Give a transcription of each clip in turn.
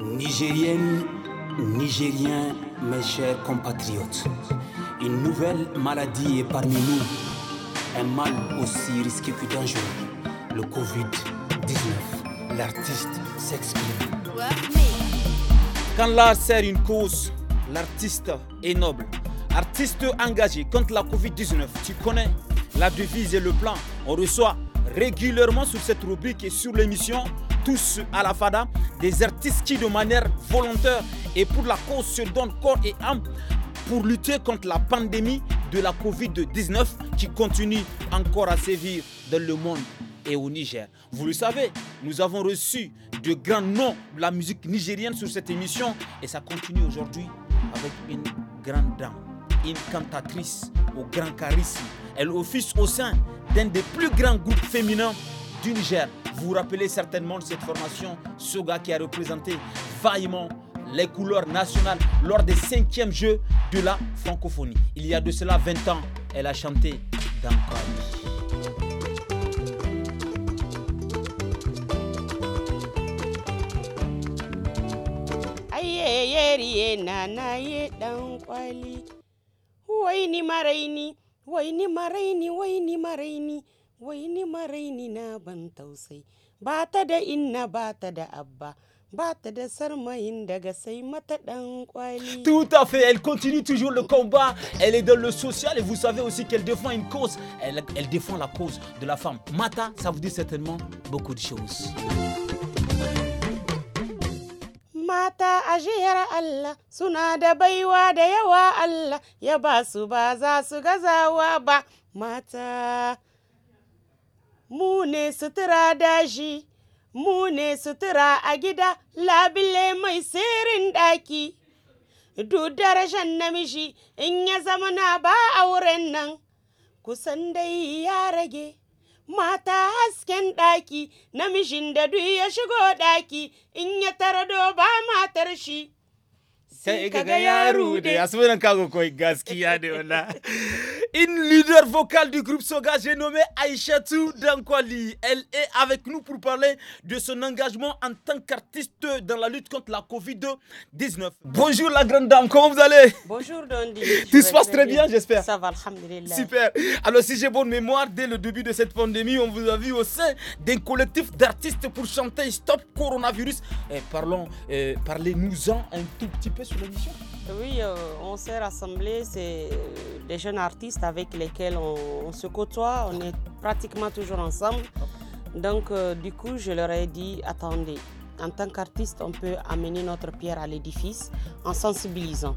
Nigérienne, Nigérien, mes chers compatriotes, une nouvelle maladie est parmi nous, un mal aussi risqué que dangereux, le Covid-19. L'artiste s'exprime. Quand l'art sert une cause, l'artiste est noble. Artiste engagé contre la Covid-19, tu connais la devise et le plan. On reçoit régulièrement sur cette rubrique et sur l'émission tous à la FADA, des artistes qui de manière volontaire et pour la cause se donnent corps et âme pour lutter contre la pandémie de la Covid-19 qui continue encore à sévir dans le monde et au Niger. Vous le savez, nous avons reçu de grands noms de la musique nigérienne sur cette émission et ça continue aujourd'hui avec une grande dame, une cantatrice au grand charisme. Elle office au sein d'un des plus grands groupes féminins du Niger. Vous vous rappelez certainement de cette formation, Soga qui a représenté vaillamment les couleurs nationales lors des cinquièmes Jeux de la francophonie. Il y a de cela 20 ans, elle a chanté dans Aïe, tout à fait, elle continue toujours le combat. Elle est dans le social et vous savez aussi qu'elle défend une cause. Elle, défend la cause de la femme. Mata, ça vous dit certainement beaucoup de choses. Mata Allah Allah mata mu ne sutura dashi, mu ne sutura a gida, labile mai sirrin ɗaki. Duk darajan namiji in ya zama na ba auren nan, kusan dai ya rage. Mata hasken ɗaki, namijin da duk ya shigo ɗaki, in ya tara ba matar shi. une leader vocale du groupe Soga, j'ai nommé Aïchatou Dankwali. Elle est avec nous pour parler de son engagement en tant qu'artiste dans la lutte contre la Covid-19. Bonjour la grande dame, comment vous allez Bonjour Dondi. Tout se passe très bien, j'espère. Ça va, alhamdulillah. Super. Alors si j'ai bonne mémoire, dès le début de cette pandémie, on vous a vu au sein d'un collectif d'artistes pour chanter Stop Coronavirus. Et eh, parlons, eh, parlez-nous-en un tout petit peu sur oui, euh, on s'est rassemblés, c'est euh, des jeunes artistes avec lesquels on, se côtoie, on est pratiquement toujours ensemble. Donc euh, du coup, je leur ai dit, attendez, en tant qu'artiste, on peut amener notre pierre à l'édifice en sensibilisant.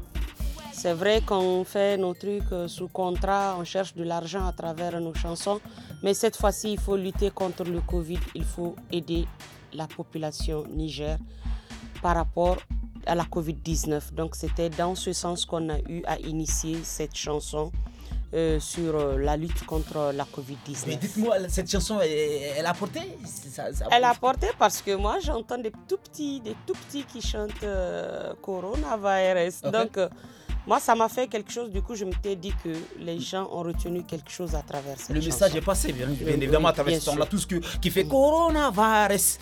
C'est vrai qu'on fait nos trucs sous contrat, on cherche de l'argent à travers nos chansons, mais cette fois-ci, il faut lutter contre le Covid, il faut aider la population Niger par rapport à la COVID-19. Donc c'était dans ce sens qu'on a eu à initier cette chanson. Euh, sur euh, la lutte contre la Covid-19. Mais dites-moi, cette chanson, elle, a porté Elle a porté parce que moi, j'entends des tout petits, des tout petits qui chantent euh, Coronavirus. Donc, euh, moi, ça m'a fait quelque chose. Du coup, je m'étais dit que les gens ont retenu quelque chose à travers cette Le message est passé, bien, évidemment, à travers ce temps-là. Tout ce que, qui fait coronavirus,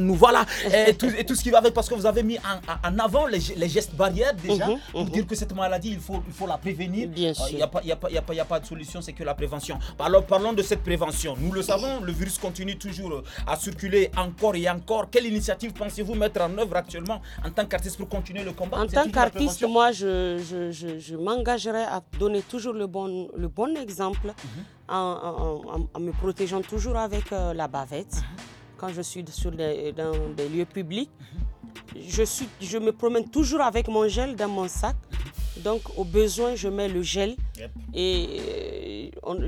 nous voilà, et tout, et tout, ce qui va avec, parce que vous avez mis en, en avant les, les, gestes barrières déjà, mhm, pour mhm. dire que cette maladie, il faut, il faut la prévenir. Bien euh, sûr. Il n'y a, pas, y a, y a, y a pas de solution, c'est que la prévention. Alors, parlons de cette prévention. Nous le savons, le virus continue toujours euh, à circuler encore et encore. Quelle initiative pensez-vous mettre en œuvre actuellement en tant qu'artiste pour continuer le combat En tant qu'artiste, moi, je je, m'engagerai à donner toujours le bon, le bon exemple mhm. en, me protégeant toujours avec euh, la bavette. Mhm. Quand je suis sur dans des lieux publics, mhm. je, suis, je me promène toujours avec mon gel dans mon sac. Donc, au besoin, je mets le gel et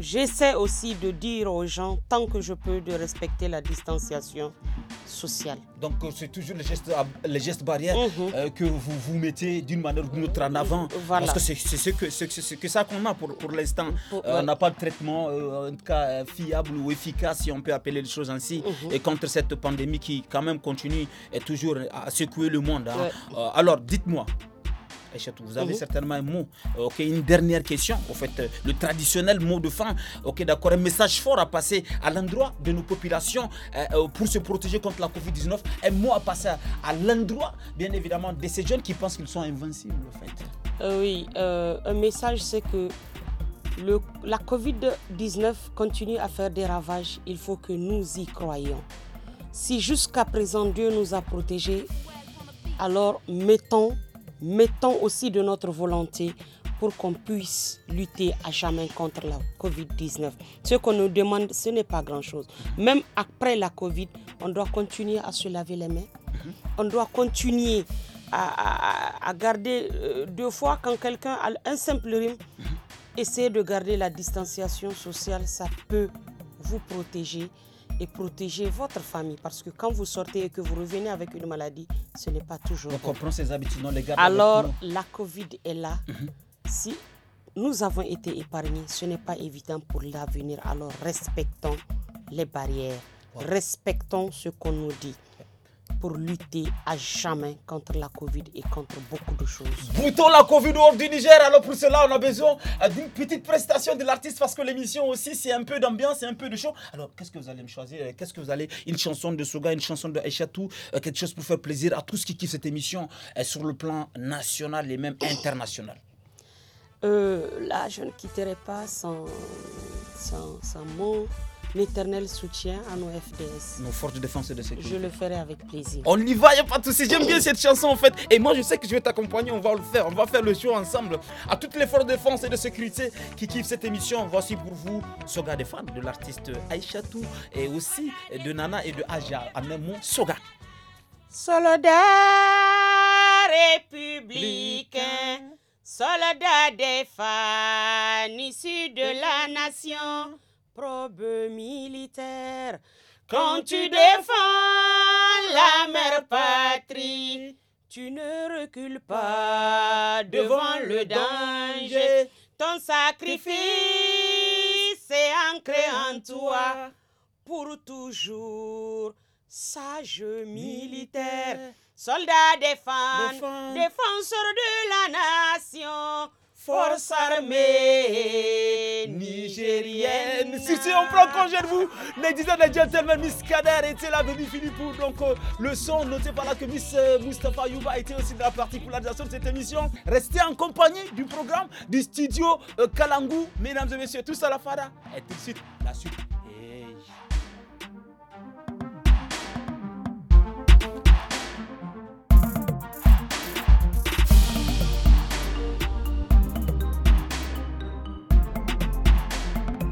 j'essaie aussi de dire aux gens, tant que je peux, de respecter la distanciation sociale. Donc euh, c'est toujours les gestes, les gestes barrières mhm. euh, que vous vous mettez d'une manière ou d'une autre en euh, avant. Parce que c'est ce que, ça qu'on a pour, l'instant. On n'a pas de traitement, cas, fiable ou efficace, si on peut appeler les choses ainsi. Mhm. Et contre cette pandémie qui, quand même, continue et toujours à secouer le monde. Hein. alors, dites-moi, vous avez mhm. certainement un mot. Euh, ok, une dernière question. En fait, euh, le traditionnel mot de fin. Ok, d'accord, un message fort à passer à l'endroit de nos populations euh, pour se protéger contre la Covid-19. Un mot à passer à l'endroit, bien évidemment, de ces jeunes qui pensent qu'ils sont invincibles, en fait. oui, un message, c'est que le, la Covid-19 continue à faire des ravages. Il faut que nous y croyons. Si jusqu'à présent Dieu nous a protégés, alors mettons mettons aussi de notre volonté pour qu'on puisse lutter à jamais contre la COVID-19. Ce qu'on nous demande, ce n'est pas grand-chose. Même après la COVID, on doit continuer à se laver les mains. On doit continuer à, garder euh, deux fois quand quelqu'un a un simple rhume. Essayez de garder la distanciation sociale, ça peut vous protéger et protéger votre famille. Parce que quand vous sortez et que vous revenez avec une maladie, ce n'est pas toujours. on ses habitudes, non les Alors, la Covid est là. Mhm. Si nous avons été épargnés, ce n'est pas évident pour l'avenir. Alors, respectons les barrières. Respectons ce qu'on nous dit lutter à jamais contre la Covid et contre beaucoup de choses. Boutons la Covid hors du Niger. Alors pour cela, on a besoin euh, d'une petite prestation de l'artiste parce que l'émission aussi, c'est un peu d'ambiance, c'est un peu de show. Alors qu'est-ce que vous allez me choisir euh, Qu'est-ce que vous allez Une chanson de Soga, une chanson de Echatou, euh, quelque chose pour faire plaisir à tous qui kiffent cette émission sur le plan national et même international. là, je ne quitterai pas sans, sans, sans mot l'éternel soutien à nos FDS. Nos forces de défense et de sécurité. Je le ferai avec plaisir. On y va, il a pas de souci. J'aime bien cette chanson en fait. Et moi, je sais que je vais t'accompagner. On va le faire. On va faire le show ensemble. À toutes les forces de défense et de sécurité qui kiffent cette émission, voici pour vous Soga des fans de l'artiste Aïchatou et aussi de Nana et de Aja. en même Soga. Soldat républicain, soldat des fans issus de la nation probe militaire. Quand tu défends la mère patrie, tu ne recules pas devant le danger. Ton sacrifice est ancré en toi pour toujours. Sage militaire, soldat défenseur de la nation force armée nigérienne. Si, si, on prend congé de vous, mesdames and gentlemen, Miss Kader était là, Denis philippe. Donc, euh, le son, notez par là que Miss euh, Mustapha Yuba était aussi de la particularisation de cette émission. Restez en compagnie du programme du studio euh, Kalangu. Mesdames et messieurs, tous à la fada. Et tout de suite, la suite.